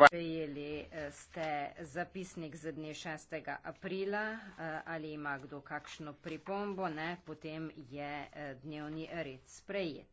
varovanje. Prejeli eh, ste zapisnik z dne 6. aprila, eh, ali ima kdo kakšno pripombo, ne, potem je eh, dnevni red sprejet.